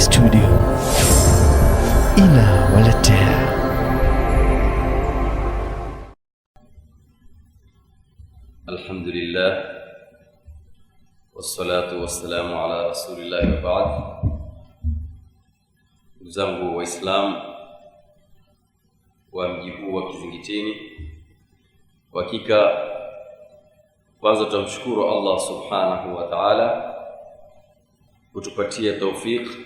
studio inawaletea alhamdulillah wassalatu wassalamu ala rasulillahi wabaadi ndugu zangu islam wa mji huu wa kizingitini wa hakika kwanza tunamshukuru allah subhanahu wa taala kutupatia taufiki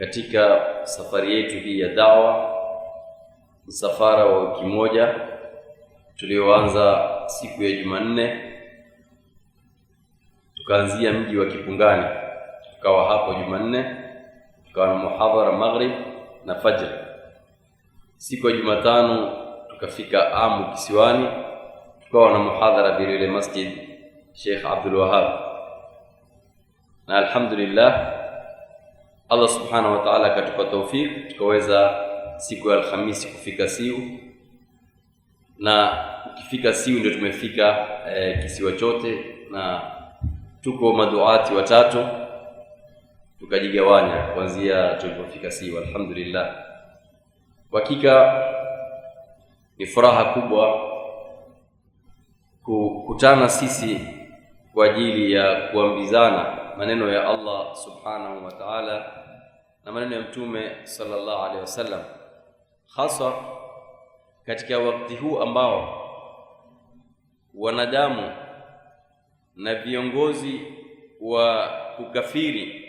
katika safari yetu hii ya dawa, msafara wa wiki moja tulioanza siku ya Jumanne, tukaanzia mji wa Kipungani, tukawa hapo Jumanne, tukawa na muhadhara maghrib na fajr. Siku ya Jumatano tukafika Amu kisiwani, tukawa na muhadhara vilevile Masjid Sheikh Abdul Wahab, na alhamdulillah Allah subhanahu wa ta'ala akatupa taufik tukaweza siku ya Alhamisi kufika Siu, na ukifika Siu ndio tumefika e, kisiwa chote, na tuko maduati watatu tukajigawanya kuanzia tulipofika Siu. Alhamdulillah, hakika ni furaha kubwa kukutana sisi kwa ajili ya kuambizana maneno ya Allah subhanahu wa ta'ala na maneno ya Mtume sallallahu alaihi wasallam, hasa katika wakati huu ambao wanadamu na viongozi wa kukafiri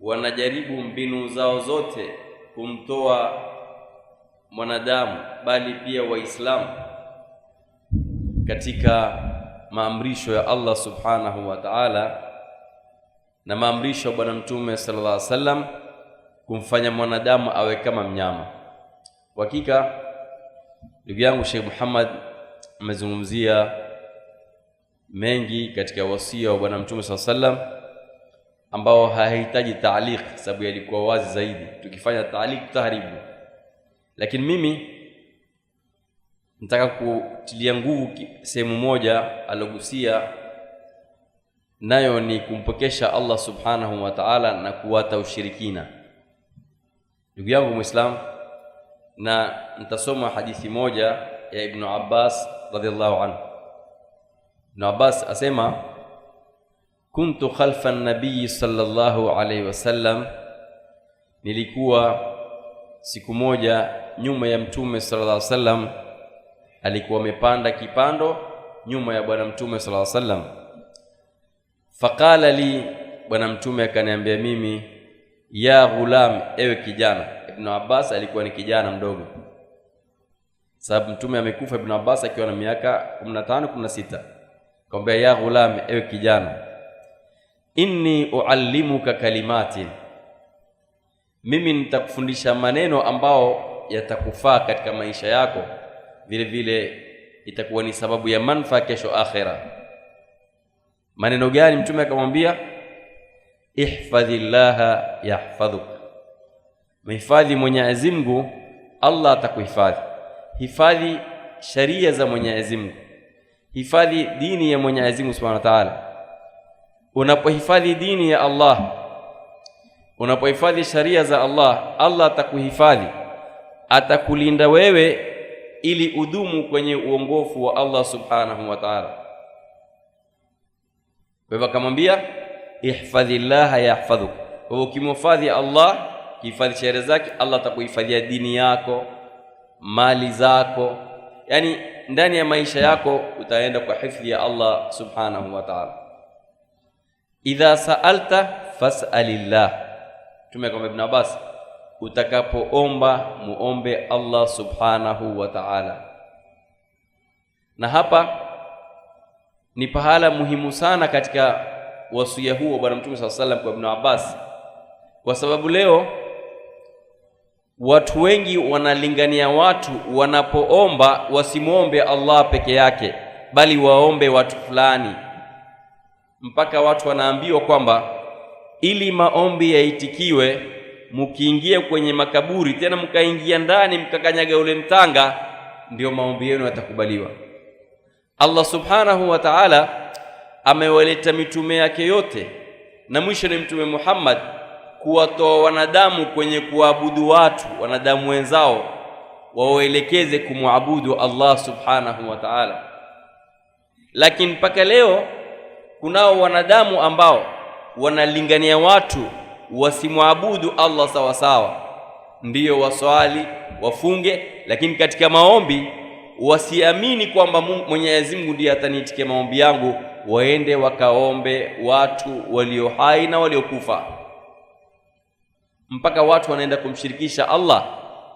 wanajaribu mbinu zao zote kumtoa mwanadamu bali pia Waislamu katika maamrisho ya Allah subhanahu wa ta'ala na maamrisho ya Bwana Mtume sallallahu alaihi wasallam kumfanya mwanadamu awe kama mnyama. hakika ndugu yangu Sheikh Muhammad amezungumzia mengi katika wasia wa Bwana Mtume sallallahu alaihi wasallam ambao hahitaji taaliq, sababu yalikuwa wazi zaidi. Tukifanya taaliq taharibu lakini mimi nataka kutilia nguvu sehemu moja alogusia nayo ni kumpokesha Allah subhanahu wa ta'ala na kuwata ushirikina. Ndugu yangu Muislam, na ntasoma hadithi moja ya Ibnu Abbas radhiallahu anhu. Ibnu Abbas asema kuntu khalfa nabiyi sallallahu alayhi wasallam, nilikuwa siku moja nyuma ya mtume sallallahu alayhi wasallam, alikuwa amepanda kipando nyuma ya bwana mtume sallallahu alayhi wasallam faqala li bwana mtume akaniambia mimi ya ghulam ewe kijana ibn abbas alikuwa ni kijana mdogo sababu mtume amekufa ibn abbas akiwa na miaka 15 16 kaambia ya ghulam ewe kijana inni uallimuka kalimati mimi nitakufundisha maneno ambao yatakufaa katika maisha yako vile vile itakuwa ni sababu ya manfaa kesho akhera Maneno gani mtume akamwambia? Ihfadhillaha yahfadhuk, mhifadhi Mwenyezi Mungu, Allah atakuhifadhi. Hifadhi sharia za Mwenyezi Mungu, hifadhi dini ya Mwenyezi Mungu Subhanahu wa Ta'ala. Unapohifadhi dini ya Allah, unapohifadhi sharia za Allah, Allah atakuhifadhi, atakulinda wewe ili udumu kwenye uongofu wa Allah Subhanahu wa Ta'ala. Kwa hivyo akamwambia ihfadhillaha yahfadhuk. Kwa hivyo ukimhifadhi Allah, kihifadhi sheria zake, Allah atakuhifadhia dini yako, mali zako, yaani ndani ya maisha yako utaenda kwa hifadhi ya Allah subhanahu wa ta'ala. Idha sa'alta fas'alillah. Mtume kwa Ibn Abbas, utakapoomba muombe Allah subhanahu wa ta'ala. Na hapa ni pahala muhimu sana katika wasia huo Bwana Mtume saa salam kwa Ibn Abbas, kwa sababu leo watu wengi wanalingania watu wanapoomba wasimwombe Allah peke yake, bali waombe watu fulani, mpaka watu wanaambiwa kwamba ili maombi yaitikiwe, mkiingia kwenye makaburi tena mkaingia ndani mkakanyaga ule mtanga, ndio maombi yenu yatakubaliwa. Allah subhanahu wa ta'ala amewaleta mitume yake yote na mwisho ni Mtume Muhammad kuwatoa wanadamu kwenye kuabudu watu, wanadamu wenzao wawaelekeze kumwabudu Allah subhanahu wa ta'ala. Lakini mpaka leo kunao wanadamu ambao wanalingania watu wasimwabudu Allah sawasawa, ndiyo waswali, wafunge, lakini katika maombi wasiamini kwamba Mwenyezi Mungu ndiye ataniitikia maombi yangu, waende wakaombe watu walio hai na waliokufa. Mpaka watu wanaenda kumshirikisha Allah,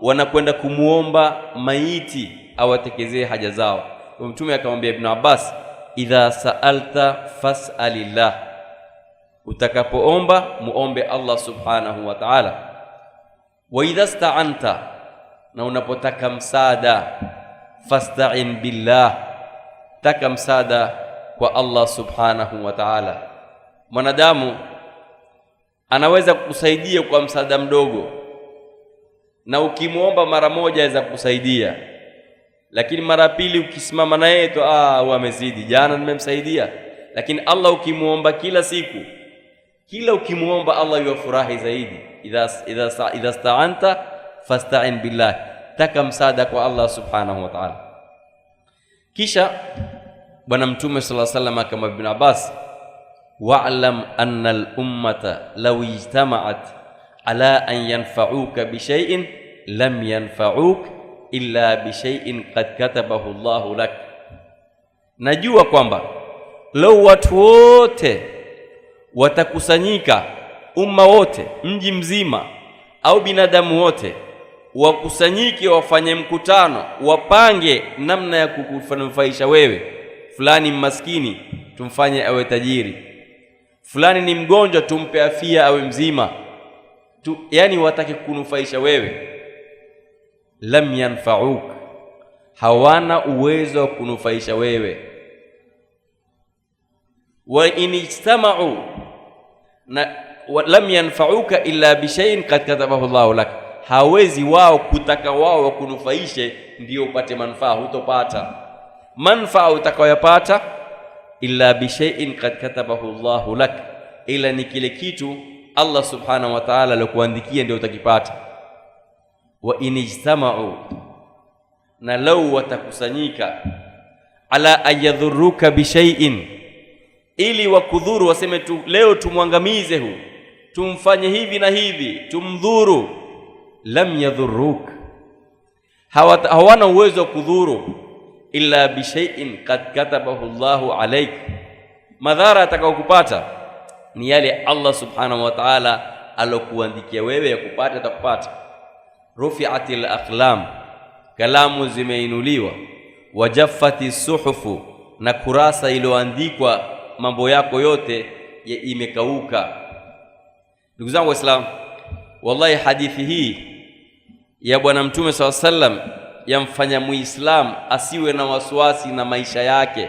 wanakwenda kumuomba maiti awatekezee haja zao. Mtume akamwambia Ibn Abbas, idha saalta fasalillah, utakapoomba muombe Allah subhanahu wa ta'ala. Wa idha staanta, na unapotaka msaada fasta'in billah, taka msaada kwa Allah subhanahu wa ta'ala. Mwanadamu anaweza kukusaidia kwa msaada mdogo, na ukimwomba mara moja aweza kukusaidia, lakini mara pili ukisimama na yeye tu, ah, wamezidi, jana nimemsaidia. Lakini Allah ukimwomba kila siku, kila ukimwomba Allah yuwafurahi zaidi. Idha idha staanta fasta'in billah taka msaada kwa Allah subhanahu wa ta'ala. Kisha Bwana Mtume sallallahu alaihi wasallam kama Ibn Abbas, wa'lam anna al-ummata law ijtama'at ala an yanfa'uka bishaiin lam yanfa'uk illa bi shay'in qad katabahu Allahu lak, najua kwamba lau watu wote watakusanyika, umma wote, mji mzima au binadamu wote wakusanyike, wafanye mkutano, wapange namna ya kukufanufaisha wewe. Fulani maskini, tumfanye awe tajiri. Fulani ni mgonjwa, tumpe afia awe mzima tu, yani watake kunufaisha wewe. Lam yanfauk, hawana uwezo wa kunufaisha wewe. Wa in ijtamau na lam yanfauka illa bishayin kad katabahu llahu lak hawezi wao kutaka wao wakunufaishe ndio upate manufaa, hutopata manufaa utakayopata illa bishaiin kad katabahu llahu lak, ila ni kile kitu Allah subhanahu wa ta'ala alikuandikia ndio utakipata. Wa inijtamau, na lau watakusanyika, ala ayadhuruka bishaiin, ili wakudhuru, waseme tu leo tumwangamize hu tumfanye hivi na hivi, tumdhuru lam yadhurruk, hawana uwezo wa kudhuru, illa bishaiin qad katabahu Allahu alaik, madhara yatakayokupata ni yale Allah subhanahu wa ta'ala alokuandikia wewe ya kupata atakupata. Rufiatil aqlam, kalamu zimeinuliwa, wajaffati suhufu, na kurasa iliyoandikwa mambo yako yote ya imekauka. Ndugu zangu Waislamu, wallahi hadithi hii ya Bwana Mtume saw sallam yamfanya Muislamu asiwe na wasiwasi na maisha yake.